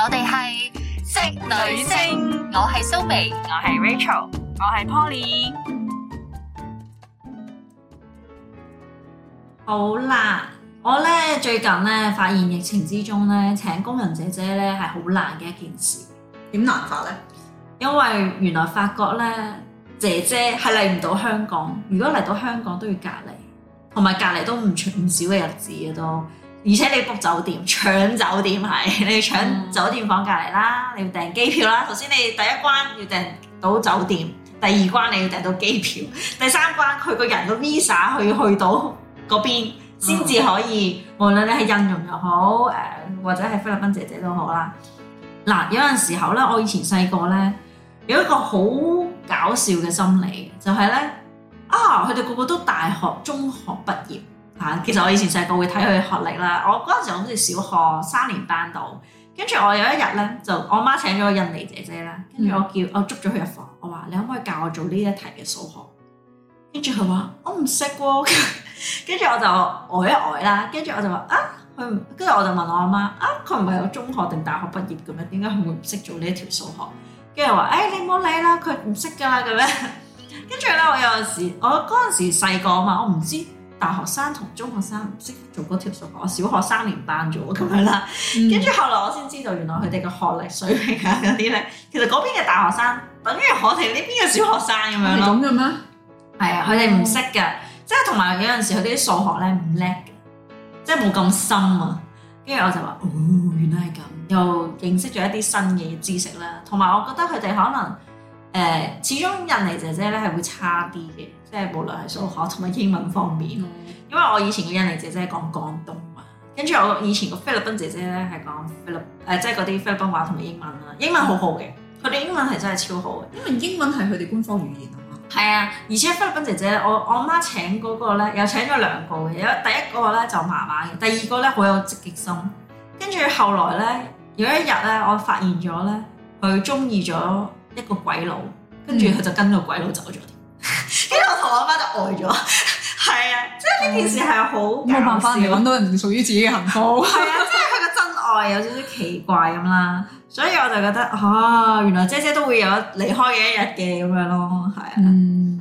我哋係職女聲，女性我係蘇眉，我係 Rachel，我係 Poly。好啦，我咧最近咧發現疫情之中咧，請工人姐姐咧係好難嘅一件事。點難法咧？因為原來發覺咧，姐姐係嚟唔到香港。如果嚟到香港都要隔離，同埋隔離都唔長唔少嘅日子嘅都。而且你 book 酒店搶酒店係，你要搶酒店房隔離啦，你要訂機票啦。首先你第一關要訂到酒店，第二關你要訂到機票，第三關佢個人個 visa 去去到嗰邊先至可以。無論你係印傭又好，誒、呃、或者係菲律賓姐姐都好啦。嗱，有陣時候咧，我以前細個咧有一個好搞笑嘅心理，就係、是、咧啊，佢哋個個都大學、中學畢業。其實我以前細個會睇佢學歷啦。我嗰陣時好似小學三年班度，跟住我有一日咧，就我媽請咗印尼姐姐咧，跟住我叫我捉咗佢入房，我話，你可唔可以教我做呢一題嘅數學？跟住佢話我唔識喎，跟 住我就呆、呃、一呆、呃、啦。跟住我就話啊，佢跟住我就問我阿媽啊，佢唔係有中學定大學畢業嘅咩？點解佢會唔識做呢一條數學？跟住話誒，你唔好理啦，佢唔識㗎啦咁樣。跟住咧，我有陣時我嗰陣時細個啊嘛，我唔知。大學生同中學生唔識做嗰條數，我小學三年班咗咁樣啦。跟住，嗯、後來我先知道，原來佢哋嘅學歷水平啊嗰啲咧，其實嗰邊嘅大學生等於我哋呢邊嘅小學生咁樣咯。係咁嘅咩？係啊，佢哋唔識嘅，即係同埋有陣時佢啲數學咧唔叻嘅，即係冇咁深啊。跟住我就話：哦，原來係咁，又認識咗一啲新嘅知識啦。同埋我覺得佢哋可能誒、呃，始終印尼姐姐咧係會差啲嘅。即係無論係數學同埋英文方面，嗯、因為我以前嘅印尼姐姐講廣東話，跟住我以前個菲律賓姐姐咧係講菲律，誒即係嗰啲菲律賓話同埋英文啦，英文好好嘅，佢哋英文係真係超好，因為英文係佢哋官方語言啊嘛。係啊，而且菲律賓姐姐，我我阿媽請嗰個咧，又請咗兩個嘅，有第一個咧就麻麻嘅，第二個咧好有積極心，跟住後來咧有一日咧，我發現咗咧，佢中意咗一個鬼佬，跟住佢就跟到鬼佬走咗。嗯。我阿媽都呆咗，係 啊，即係呢件事係好冇辦法嚟揾到唔屬於自己嘅幸福，係 啊，即係佢嘅真愛有少少奇怪咁啦，所以我就覺得嚇、哦，原來姐姐都會有離開嘅一日嘅咁樣咯，係啊，嗯、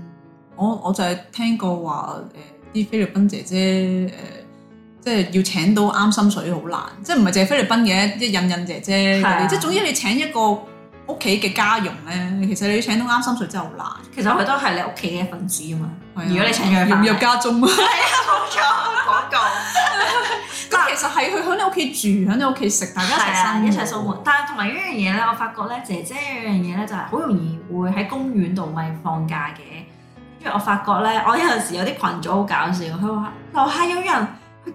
我我就係聽過話誒啲菲律賓姐姐誒、呃，即係要請到啱心水好難，即係唔係淨係菲律賓嘅即係印印姐姐嗰啲，啊、即係總之你請一個，屋企嘅家傭咧，其實你請到啱心水真係好難。其實佢都係你屋企嘅一份子啊嘛。如果你請入入家中，係啊，冇錯廣告。咁其實係佢喺你屋企住，喺你屋企食，大家一齊生一齊生活。啊、生活但係同埋呢樣嘢咧，我發覺咧，姐姐有樣嘢咧就係好容易會喺公園度咪放假嘅。跟住我發覺咧，我有陣時有啲群組好搞笑，佢話樓下有人。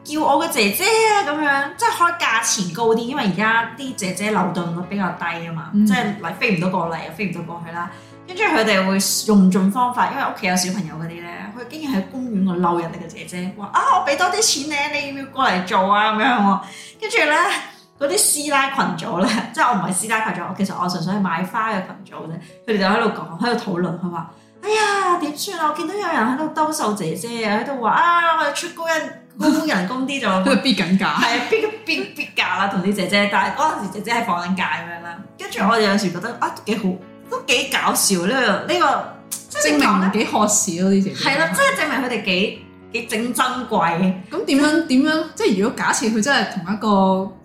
叫我個姐姐咁樣，即係開價錢高啲，因為而家啲姐姐流動率比較低啊嘛，嗯、即係嚟飛唔到過嚟，又飛唔到過去啦。跟住佢哋會用盡方法，因為屋企有小朋友嗰啲咧，佢竟然喺公園度嬲人哋嘅姐姐，話啊我俾多啲錢咧，你要唔要過嚟做啊咁樣。跟住咧嗰啲師奶群組咧， 即係我唔係師奶群組，其實我純粹係買花嘅群組啫。佢哋就喺度講，喺度討論，佢話：哎呀點算啊？我見到有人喺度兜售姐姐，喺度話啊我哋出高人高人工啲就， 逼緊價，係啊，逼逼逼價啦，同啲姐姐。但係嗰陣時姐姐係放緊假咁樣啦，跟住我哋有時覺得啊，幾好，都幾搞笑呢個呢個，這個這個、證明幾渴市咯啲姐姐。係啦，真係證明佢哋幾幾正珍貴。咁點樣點樣？即係如果假設佢真係同一個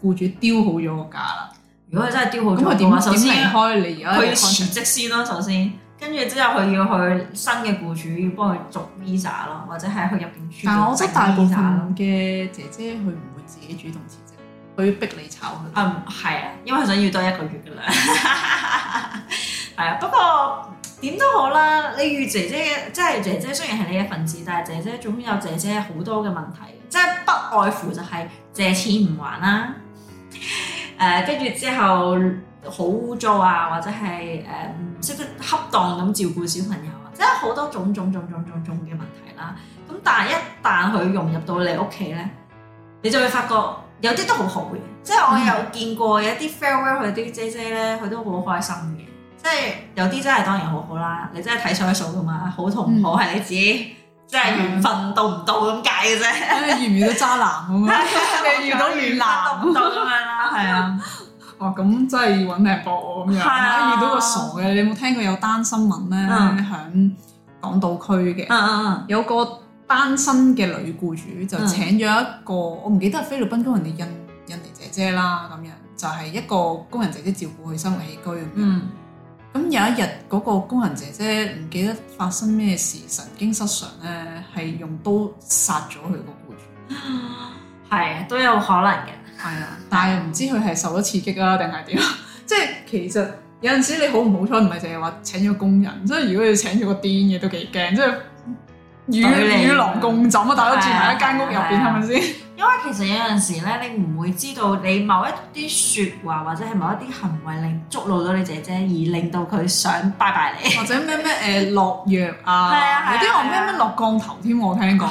僱主丟好咗個價啦，如果佢真係丟好咗，咁佢點啊？首先離開，你而家要辭職先啦，首先。跟住之後，佢要去新嘅僱主，要幫佢續 Visa 咯，或者係去入邊轉。但我覺大部分嘅姐姐，佢唔 會自己主動辭職，佢逼你炒佢。嗯，係啊，因為佢想要多一個月噶啦。係 啊，不過點都好啦，你與姐姐嘅，即係姐姐，姐姐雖然係你嘅份子，但係姐姐總有姐姐好多嘅問題，即係不外乎就係借錢唔還啦。誒、呃，跟住之後。好污糟啊，或者係誒唔識得恰當咁照顧小朋友啊，即係好多種種種種種種嘅問題啦、啊。咁但係一旦佢融入到你屋企咧，你就會發覺有啲都好好嘅。即係我有、嗯、有見過有啲 farewell 佢啲姐姐咧，佢都好開心嘅。即係有啲真係當然好好啦。你真係睇數一數噶嘛，好同唔好係你自己，即係緣分到唔到咁解嘅啫。你遇唔遇到渣男咁樣，你遇到暖男到唔到咁樣啦，係啊。哦，咁真係要揾命搏喎咁樣，如是啊，啊，遇到個傻嘅，你有冇聽過有單新聞咧？喺、嗯、港島區嘅，嗯、有個單身嘅女僱主就請咗一個，嗯、我唔記得係菲律賓工人定印印尼姐姐啦咁樣，就係、是、一個工人姐姐照顧佢生活起居咁樣。咁、嗯、有一日嗰、那個工人姐姐唔記得發生咩事，神經失常咧，係用刀殺咗佢個僱主，係都有可能嘅。係啊，但係唔知佢係受咗刺激啊，定係點？ 即係其實有陣時你好唔好彩，唔係淨係話請咗工人，即係如果你請咗個癲嘅都幾驚，即係與與狼共枕啊，大家住埋一間屋入邊，係咪先？是 因為其實有陣時咧，你唔會知道你某一啲説話或者係某一啲行為令觸怒咗你姐姐，而令到佢想拜拜你，或者咩咩誒落藥啊，有啲話咩咩落降頭添，我聽過，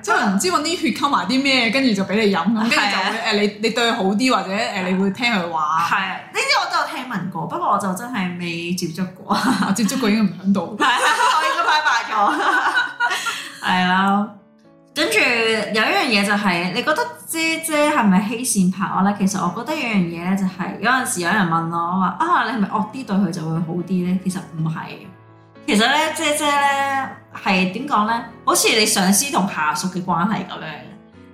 即係唔知揾啲血溝埋啲咩，跟住就俾你飲，跟住就誒你對對你對佢好啲，或者誒你會聽佢話。係啊，呢啲我都有聽聞過，不過我就真係未接觸過， 嗯、接觸過已經唔響度，我應該拜拜咗。係啦。跟住有一樣嘢就係、是，你覺得姐姐係咪欺善怕惡咧？其實我覺得有樣嘢咧，就係有陣時有人問我話：啊，你係咪惡啲對佢就會好啲咧？其實唔係，其實咧，姐姐咧係點講咧？好似你上司同下屬嘅關係咁樣，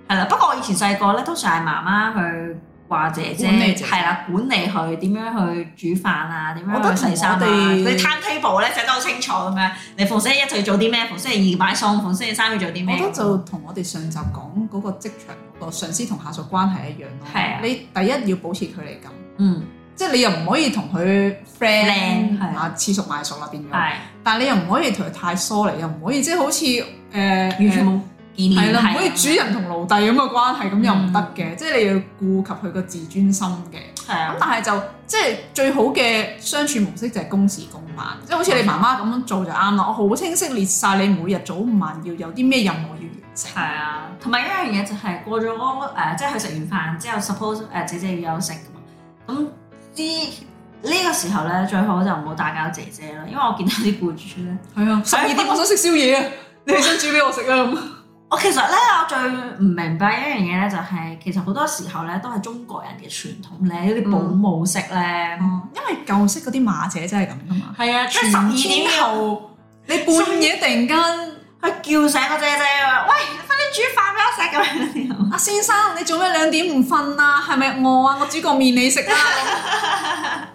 係啦。不過我以前細個咧，通常係媽媽去。話姐姐係啦，管理佢點樣去煮飯啊？點樣洗衫啊？你 timetable 咧寫得好清楚咁樣。你逢星期一就要做啲咩？逢星期二買餸，逢星期三要做啲咩？我覺得就同我哋上集講嗰個職場個上司同下屬關係一樣咯。係你第一要保持距離感，嗯，即係你又唔可以同佢 friend 啊，黐熟埋熟啦變咗。係，但係你又唔可以同佢太疏離，又唔可以即係好似完誒。係啦，唔可以主人同奴隸咁嘅關係，咁又唔得嘅，即係你要顧及佢個自尊心嘅。係啊，咁但係就即係最好嘅相處模式就係公事公辦，即係好似你媽媽咁樣做就啱啦。我好清晰列晒你每日早午晚要有啲咩任務要完成。係啊，同埋一樣嘢就係過咗我誒，即係佢食完飯之後 suppose 誒姐姐要休息噶嘛。咁呢呢個時候咧最好就唔好打攪姐姐啦，因為我見到啲僱主咧係啊，十二點我想食宵夜啊，你起身煮俾我食啊咁。我其實咧，我最唔明白一樣嘢咧，就係其實好多時候咧，都係中國人嘅傳統咧，啲保姆式咧、嗯，因為舊式嗰啲馬姐真係咁噶嘛。係、嗯、啊，即係十二點後，你半夜二突然間去叫醒個姐姐，喂，快啲煮飯俾我食咁樣。阿先生，你做咩兩點唔瞓啊？係咪餓啊？我煮個麵你食啊。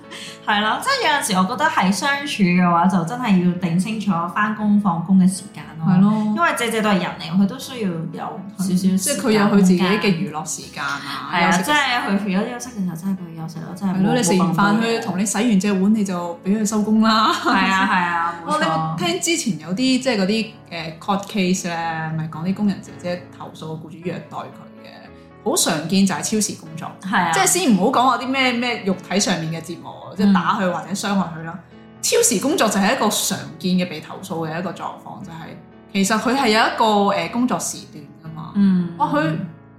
係咯， 即係有陣時，我覺得係相處嘅話，就真係要定清，清楚返工放工嘅時間。係咯，因為姐姐都係人嚟，佢都需要有少少，即係佢有佢自己嘅娛樂時間啊。係啊，即係佢除咗休息嘅時候，真係佢有食咯，真係冇冇你食完飯去同你洗完隻碗，你就俾佢收工啦。係啊係啊，冇錯。你聽之前有啲即係嗰啲誒 court case 咧，咪講啲工人姐姐投訴僱主虐待佢嘅，好常見就係超時工作。係啊，即係先唔好講話啲咩咩肉體上面嘅折磨，即係打佢或者傷害佢啦。超時工作就係一個常見嘅被投訴嘅一個狀況，就係。其實佢係有一個誒、呃、工作時段噶嘛，哇、嗯！佢、啊、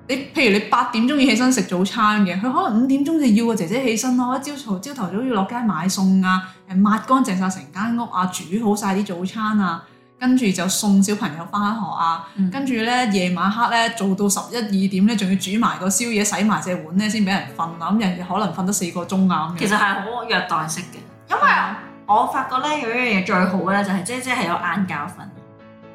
你譬如你八點鐘要起身食早餐嘅，佢可能五點鐘就要個姐姐起身咯。朝早朝頭早要落街買餸啊，誒抹乾淨晒成間屋啊，煮好晒啲早餐啊，跟住就送小朋友翻學啊，跟住咧夜晚黑咧做到十一二點咧，仲要煮埋個宵夜，洗埋隻碗咧先俾人瞓啊！咁人哋可能瞓得四個鐘啊！其實係好虐待式嘅，嗯、因為我發覺咧有一樣嘢最好嘅咧，就係姐姐係有晏覺瞓。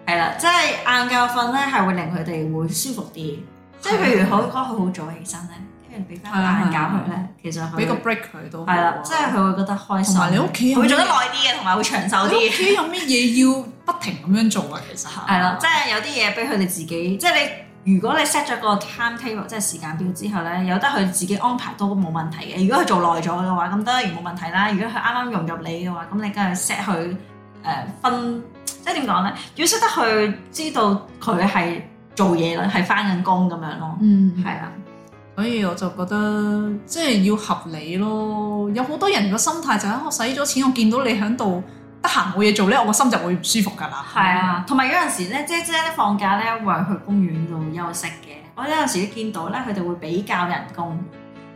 係啦，即係晏覺瞓咧，係會令佢哋會舒服啲。即係譬如好，如果佢好早起身咧，跟住俾翻晏覺佢咧，的其實俾個 break 佢都係啦了。了即係佢會覺得開心，你屋企佢會做得耐啲嘅，同埋會長壽啲。屋企有咩嘢要不停咁樣做啊？其實係啦， 了即係有啲嘢俾佢哋自己。即係你如果你 set 咗個 time table，即係時間表之後咧，有得佢自己安排都冇問題嘅。如果佢做耐咗嘅話，咁當然冇問題啦。如果佢啱啱融入你嘅話，咁你梗係 set 佢誒分。即係點講咧？要識得去知道佢係做嘢啦，係翻緊工咁樣咯。嗯，係啊，所以我就覺得即係、就是、要合理咯。有好多人個心態就係、是、我使咗錢，我見到你喺度得閒冇嘢做咧，我個心就會唔舒服噶啦。係啊，同埋有陣時咧，姐姐即咧放假咧，會去公園度休息嘅。我有陣時都見到咧，佢哋會比較人工。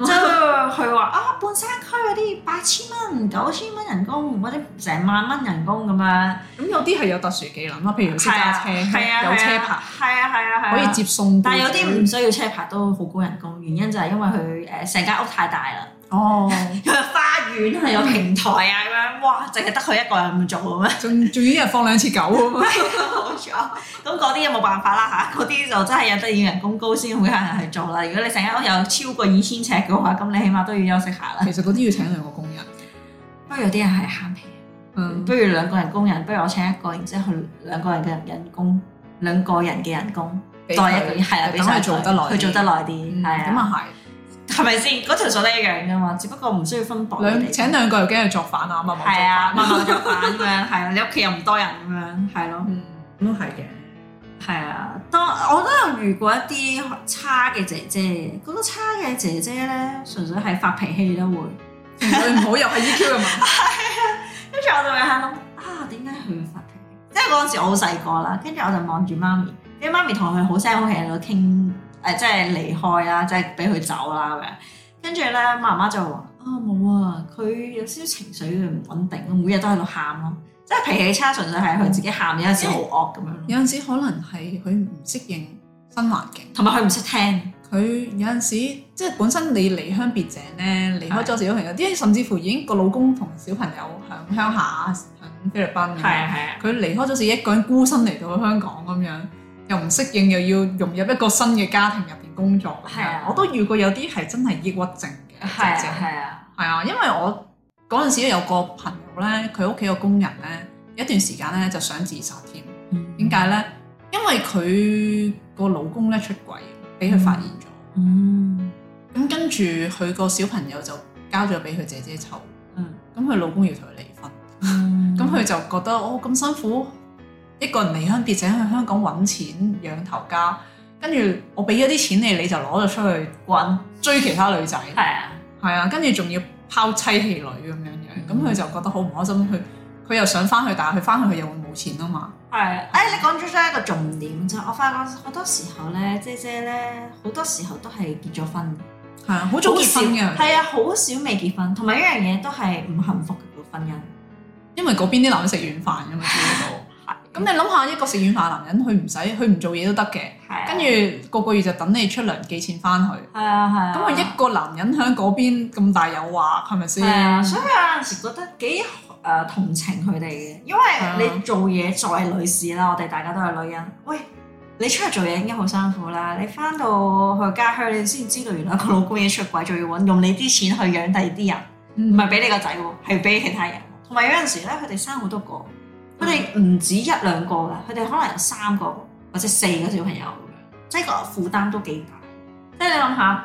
即係佢話啊，半山區嗰啲八千蚊、九千蚊人工，或者成萬蚊人工咁樣。咁有啲係有特殊技能咯，譬如識揸車，係啊、有車牌，係啊係啊係可以接送。但係有啲唔需要車牌都好高人工，原因就係因為佢誒成間屋太大啦。哦，有是花園啊， 有平台啊。 哇！淨係得佢一個人咁做嘅咩？仲仲要一日放兩次狗啊嘛！冇錯，咁嗰啲又冇辦法啦嚇？嗰啲就真係有得要人工高先會有人去做啦。Exactly. 如果你成間屋有超過二千尺嘅話，咁你起碼都要休息下啦。其實嗰啲要請兩個工人，不過有啲人係慳皮，嗯，不如兩個人工人，不如我請一個人，然之後兩個人嘅人工，兩個人嘅人工，多一個係啊，俾佢做得耐，佢做得耐啲，咁啊係。係咪先？嗰條數都一樣噶嘛，只不過唔需要分代嚟。兩請兩個又驚佢作反啊！默默作反咁、啊、樣，係 啊！你屋企又唔多人咁樣，係是咯、嗯，都係嘅。係啊，當我都有遇過一啲差嘅姐姐，嗰個差嘅姐姐咧，純粹係發脾氣都會純粹唔好又係 EQ 嘅問題。跟住、e 啊、我就會諗：啊，點解佢會發脾氣？即係嗰陣時我好細個啦，跟住我就望住媽咪，因為媽咪同佢好聲好氣喺度傾。誒，即係離開啦，即係俾佢走啦咁樣。跟住咧，媽媽就話：啊，冇啊，佢有少少情緒唔穩定，每日都喺度喊咯，即係脾氣差，純粹係佢自己喊，嗯，有陣時好惡咁樣。有陣時可能係佢唔適應新環境，同埋佢唔識聽。佢有陣時即係本身你離鄉別井咧，離開咗小朋友，啲的甚至乎已經個老公同小朋友響鄉下，響菲律賓。係啊係啊，佢的離開咗自己一個人孤身嚟到香港咁樣。又唔適應，又要融入一個新嘅家庭入邊工作，我都遇過有啲係真係抑鬱症嘅，係啊，係啊，係啊，因為我嗰陣時有個朋友咧，佢屋企個工人咧有一段時間咧就想自殺添，點解咧？因為佢個老公咧出軌，俾佢發現咗，咁跟住佢個小朋友就交咗俾佢姐姐湊，咁佢老公要同佢離婚，咁佢就覺得哦咁辛苦。一個人離鄉別井去香港揾錢養頭家，跟住我俾咗啲錢你，你就攞咗出去滾追其他女仔，係 啊，係啊，跟住仲要拋妻棄女咁樣樣，咁佢、嗯、就覺得好唔開心。佢佢又想翻去，但係佢翻去佢又會冇錢 啊嘛。係，哎，你講咗真係一個重點啫。我發覺好多時候咧，姐姐咧好多時候都係結咗婚，係啊，好早結婚嘅，係少啊，好少未結婚，同埋一樣嘢都係唔幸福嘅婚姻，因為嗰邊啲男人食軟飯㗎嘛， 咁你諗下一個食軟飯男人，佢唔使，佢唔做嘢都得嘅。跟住個個月就等你出糧寄錢翻去。係啊係啊。咁佢、啊、一個男人喺嗰邊咁大誘惑，係咪先？係啊，所以有陣時覺得幾誒、呃、同情佢哋嘅，因為你做嘢作為女士啦，啊、我哋大家都係女人。喂，你出去做嘢已經好辛苦啦，你翻到去家鄉你先知道，原來個老公嘢出軌，仲要揾用你啲錢去養第二啲人，唔係俾你個仔喎，係俾其他人。同埋有陣時咧，佢哋生好多個。佢哋唔止一兩個嘅，佢哋可能有三個或者四個小朋友，即係個負擔都幾大。即係你諗下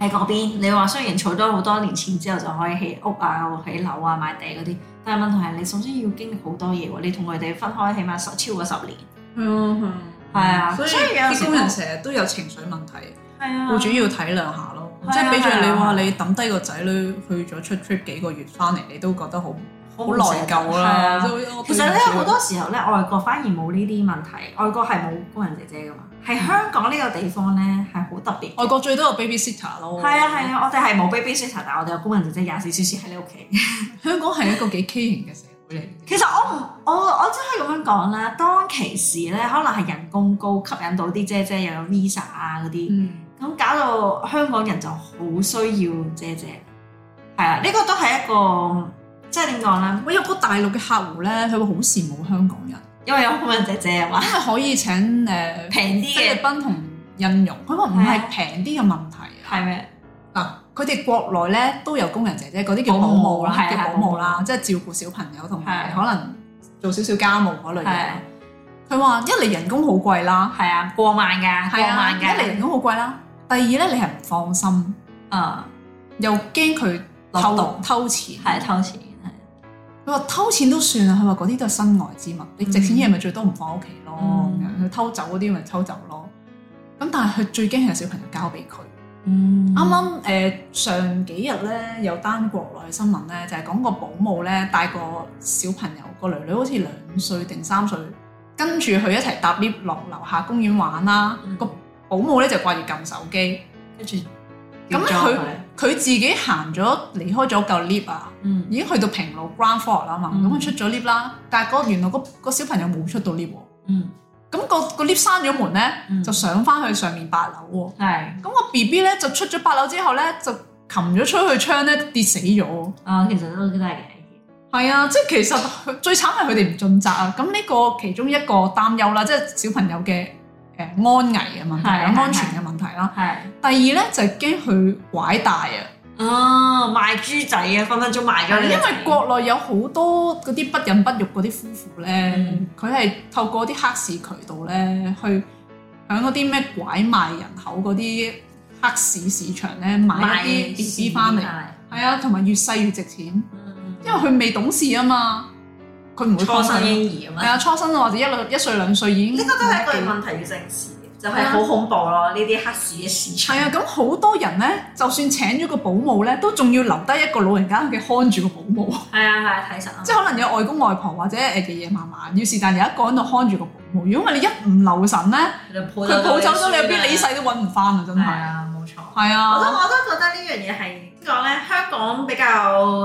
喺嗰邊，你話雖然儲咗好多年錢之後就可以起屋啊、起樓啊、買地嗰啲，但係問題係你首先要經歷好多嘢，你同佢哋分開，起碼十超過十年。係啊，啊，所以啲工人成日都有情緒問題，顧主要體諒下咯。即係比著你話你抌低個仔女去咗出出 r i 幾個月翻嚟，你都覺得好。好內疚啦，嗯、其實咧好多時候咧，外國反而冇呢啲問題，外國係冇工人姐姐噶嘛，係、嗯、香港呢個地方咧係好特別。外國最多有 baby sitter 咯，係啊，係啊，啊嗯、我哋係冇 baby sitter，但係我哋有工人姐姐，廿四小時喺你屋企。香港係一個幾畸形嘅社會嚟。 其實我唔，我我只可以咁樣講啦，當其時咧，可能係人工高吸引到啲姐姐又有 visa 啊嗰啲，咁、嗯、搞到香港人就好需要姐姐。係啊，呢、呢個都係一個。即係點講咧？我有個大陸嘅客戶咧，佢會好羨慕香港人，因為有工人姐姐啊嘛。因為可以請誒平啲嘅菲律賓同印傭，佢話唔係平啲嘅問題。係咩？嗱，佢哋國內咧都有工人姐姐，嗰啲叫保姆啦，係叫保姆啦，即係照顧小朋友同埋可能做少少家務嗰類嘅。佢話一嚟人工好貴啦，係啊，過萬嘅，過萬嘅。一嚟人工好貴啦。第二咧，你係唔放心啊，又驚佢偷竇、偷錢，係偷錢。佢話偷錢都算啦，佢話嗰啲都係身外之物，嗯、你值錢嘢咪最多唔放屋企咯，咁樣佢偷走嗰啲咪偷走咯。咁但係佢最驚係小朋友交俾佢。啱啱誒上幾日咧有單國內嘅新聞咧，就係、是、講個保姆咧帶個小朋友個女女好似兩歲定三歲，跟住佢一齊搭 lift 落樓下公園玩啦。個、嗯、保姆咧就掛住撳手機跟住。咁佢佢自己行咗離開咗嚿 lift 啊，已經去到平路 ground floor 啦嘛，咁佢出咗 lift 啦，嗯、但係嗰原來嗰個小朋友冇出到 lift 喎，咁、嗯、個個 lift 閂咗門咧，嗯、就上翻去上面八樓喎，咁的個 BB 咧就出咗八樓之後咧就擒咗出去窗咧跌死咗，啊、哦，其實都都係嘅，係啊，即係其實最慘係佢哋唔盡責啊，咁呢個其中一個擔憂啦，即、就、係、是、小朋友嘅誒安危嘅問題啊，安全嘅。的係咯，係。第二咧就驚、係、佢拐大啊，哦賣豬仔啊，分分鐘賣咗。因為國內有好多嗰啲不孕不育嗰啲夫婦咧，佢係、嗯、透過啲黑市渠道咧，去喺嗰啲咩拐賣人口嗰啲黑市市場咧買啲 BB 翻嚟，係啊的，同埋越細越值錢，因為佢未懂事啊嘛，佢唔會放生嬰兒啊嘛，係啊，初生，初生或者一兩一歲兩歲已經。呢個都係一個問，問題，要正視。fs 2 concepts 就係好恐怖咯！呢啲、啊、黑市嘅市場係啊，咁好多人咧，就算請咗個保姆咧，都仲要留低一個老人家嘅看住個保姆。係啊係啊，睇實。啊！即係可能有外公外婆或者誒爺爺嫲嫲，要是但有一個喺度看住個保姆，如果你一唔留神咧，佢抱走咗你，邊你，你一世都揾唔翻啊！真係啊，冇錯。係啊，我都我都覺得呢樣嘢係點講咧？香港比較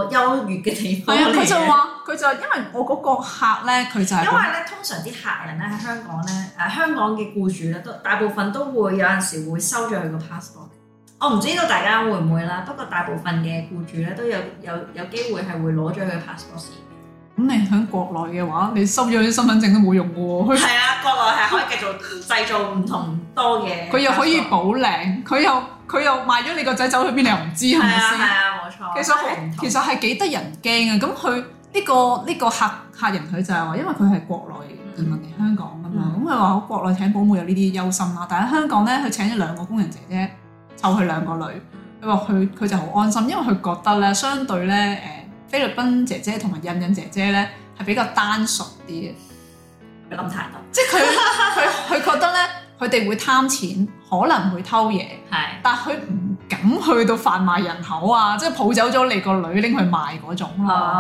優越嘅地方。係啊，佢就話。佢就因為我嗰個客咧，佢就因為咧，通常啲客人咧喺香港咧，誒、啊、香港嘅僱主咧都大部分都會有陣時會收咗佢個 passport。我、哦、唔知道大家會唔會啦，不過大部分嘅僱主咧都有有有機會係會攞咗佢 passport。咁你喺國內嘅話，你收咗啲身份證都冇用嘅喎。係啊，國內係可以繼續製造唔同多嘢。佢又可以補領，佢又佢又賣咗你個仔走去邊，你又唔知係咪先？係啊，冇、啊啊、錯。其實好，其實係幾得人驚啊！咁佢。呢個呢個客客人佢就係話，因為佢係國內移民嚟香港噶嘛，咁佢話我國內請保姆有呢啲憂心啦、啊。但喺香港咧，佢請咗兩個工人姐姐湊佢兩個女，佢話佢佢就好安心，因為佢覺得咧，相對咧誒菲律賓姐姐同埋印印姐姐咧，係比較單純啲嘅，唔諗太多 即。即係佢佢佢覺得咧，佢哋會貪錢，可能會偷嘢，係的，但佢。唔。敢去到販賣人口啊！即係抱走咗你個女拎去賣嗰種咯、啊。哦、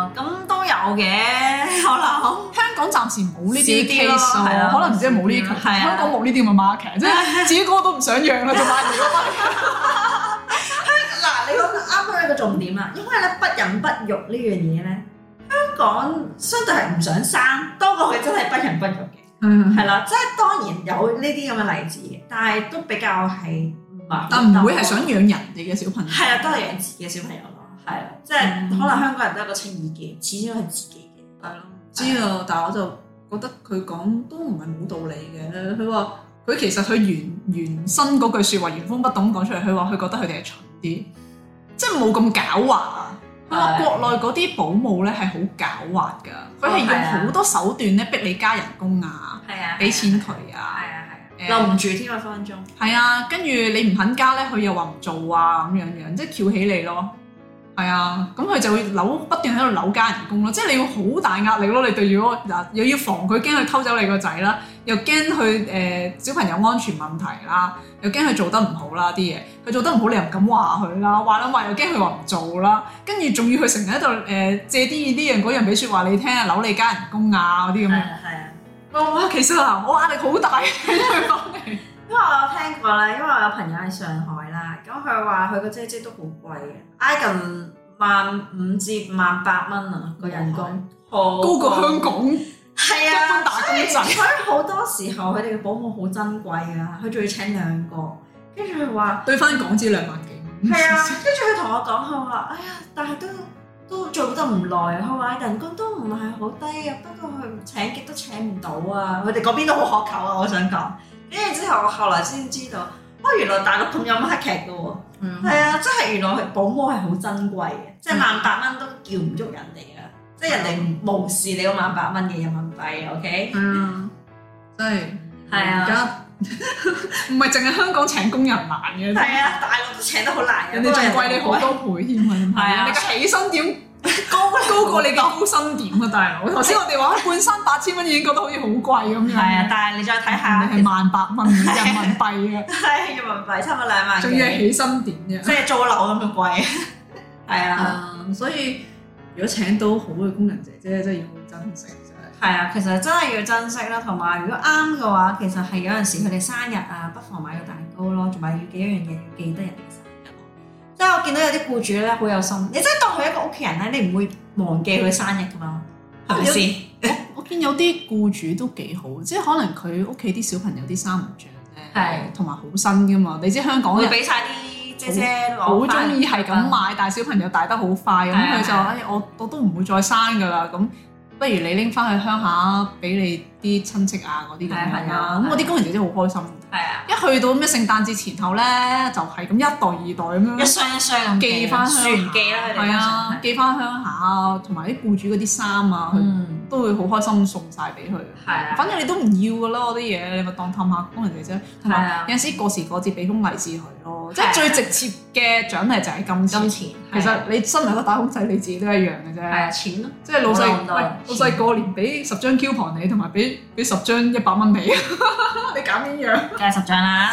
啊，咁都有嘅，可能香港暫時冇呢啲 c 咯，係啊，可能唔知冇呢啲。了香港冇呢啲咁嘅 market，即係自己哥，哥都唔想養啦，做賣佢咯。嗱，你講啱一個重點啦，因為咧不仁不育呢樣嘢咧，香港相對係唔想生，多過佢真係不仁不育嘅。 嗯，係啦，即係當然有呢啲咁嘅例子，但係都比較係。但唔會係想養人哋嘅小朋友，係啊，都係養自己嘅小朋友咯。係，即係可能香港人都係一個情意嘅情意結，始終係自己嘅，係咯。知道，但係我就覺得佢講都唔係冇道理嘅。佢話佢其實佢原原生嗰句説話原封不動講出嚟，佢話佢覺得佢哋係蠢啲，即係冇咁狡猾。佢話國內嗰啲保姆咧係好狡猾噶，佢係用好多手段咧逼你加人工啊，係啊，俾錢佢啊。留唔住添分分鐘，係啊，跟住你唔肯加咧，佢又話唔做啊咁樣樣，即係撬起你咯，係啊，咁佢就會扭不斷喺度扭加人工咯，即係你要好大壓力咯，你對住嗰嗱又要防佢驚佢偷走你個仔啦，又驚佢誒小朋友安全問題啦，又驚佢做得唔好啦啲嘢，佢做得唔好你又唔敢話佢啦，話啦話又驚佢話唔做啦，跟住仲要佢成日喺度誒借啲依啲嘢嗰樣俾說話你聽，扭你加人工啊嗰啲咁樣。我其實啊，我壓力好大。 因為我有聽過咧，因為我有朋友喺上海啦，咁佢話佢個姐姐都好貴嘅，挨近萬五至萬八蚊啊，個人工、哦、高過香港。係啊，一般打工仔。所以好多時候佢哋嘅保姆好珍貴啊，佢仲要請兩個，跟住佢話對翻港紙兩萬幾。係啊，跟住佢同我講，佢話哎呀，但係都。都做得唔耐，佢話人工都唔係好低嘅，不過佢請極都請唔到啊！佢哋嗰邊都好渴求啊！我想講，跟住之後我後來先知道，哦，原來大陸有乜劇嘅喎，係啊，真係、嗯啊、原來保姆係好珍貴嘅，即係萬八蚊都叫唔喐人哋啊！嗯、即係人哋無視你嗰萬八蚊嘅人民幣，OK，嗯，所以，係係、嗯、對啊。唔係淨係香港請工人難嘅，係啊，大陸都請得好難嘅，人哋仲貴你好多倍添，係啊，倍啊，你個起薪點高 高過你個工薪點啊，大佬。頭先 我哋話半薪八千蚊已經覺得好似好貴咁樣，係啊，但係你再睇下，係萬八蚊人民幣嘅，係、 啊、人民幣差唔多兩萬多，仲要起薪點嘅，即係租樓咁貴，係 啊，um, 所以如果請到好嘅工人姐姐，真係要珍惜。係啊，其實真係要珍惜啦，同埋如果啱嘅話，其實係有陣時佢哋生日啊，不妨買個蛋糕咯，同埋要幾樣嘢要記得人哋生日。即係、嗯、我見到有啲僱主咧好有心，你真係當佢一個屋企人咧，你唔會忘記佢生日噶嘛？係咪先？我見有啲僱主都幾好，即係可能佢屋企啲小朋友啲生唔長咧，係同埋好新噶嘛？你知香港人，你俾晒啲姐姐好，好中意係咁買，但係小朋友帶得好快，咁佢的就誒、哎，我我都唔會再生噶啦咁。不如你拎返去鄉下畀你。啲親戚啊嗰啲咁樣啦，咁我啲工人姐姐好開心嘅，一去到咩聖誕節前後咧，就係咁一代二代咁樣，一箱一箱咁寄翻，傳寄啦，係啊，寄翻鄉下啊，同埋啲僱主嗰啲衫啊，都會好開心送晒俾佢。反正你都唔要噶啦，嗰啲嘢你咪當探下工人姐姐，係啊，有陣時過時過節俾封利是佢咯，即係最直接嘅獎勵就係金錢。其實你身為個打工仔，你自己都一樣嘅啫。係啊，錢咯，即係老細，老細過年俾十張 coupon 你，同埋俾。俾十張一百蚊皮，你揀邊樣？梗係十張啦。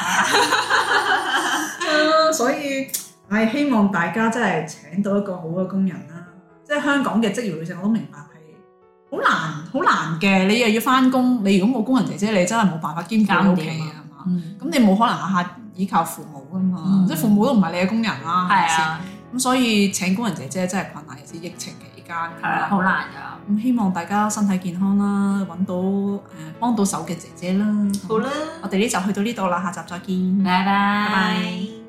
所以係希望大家真係請到一個好嘅工人啦。即係香港嘅職業女性我都明白係好難好難嘅。你又要翻工，你如果冇工人姐姐你真係冇辦法兼顧喺屋企啊嘛。咁你冇可能下下依靠父母啊嘛。即係父母都唔係你嘅工人啦。係啊。咁所以請工人姐姐真係困難，有啲疫情嘅。係啊，好難呀。咁希望大家身體健康啦，揾到誒幫到手嘅姐姐啦。好啦，嗯、我哋呢集去到呢度啦，下集再見。拜拜，拜拜。Bye bye。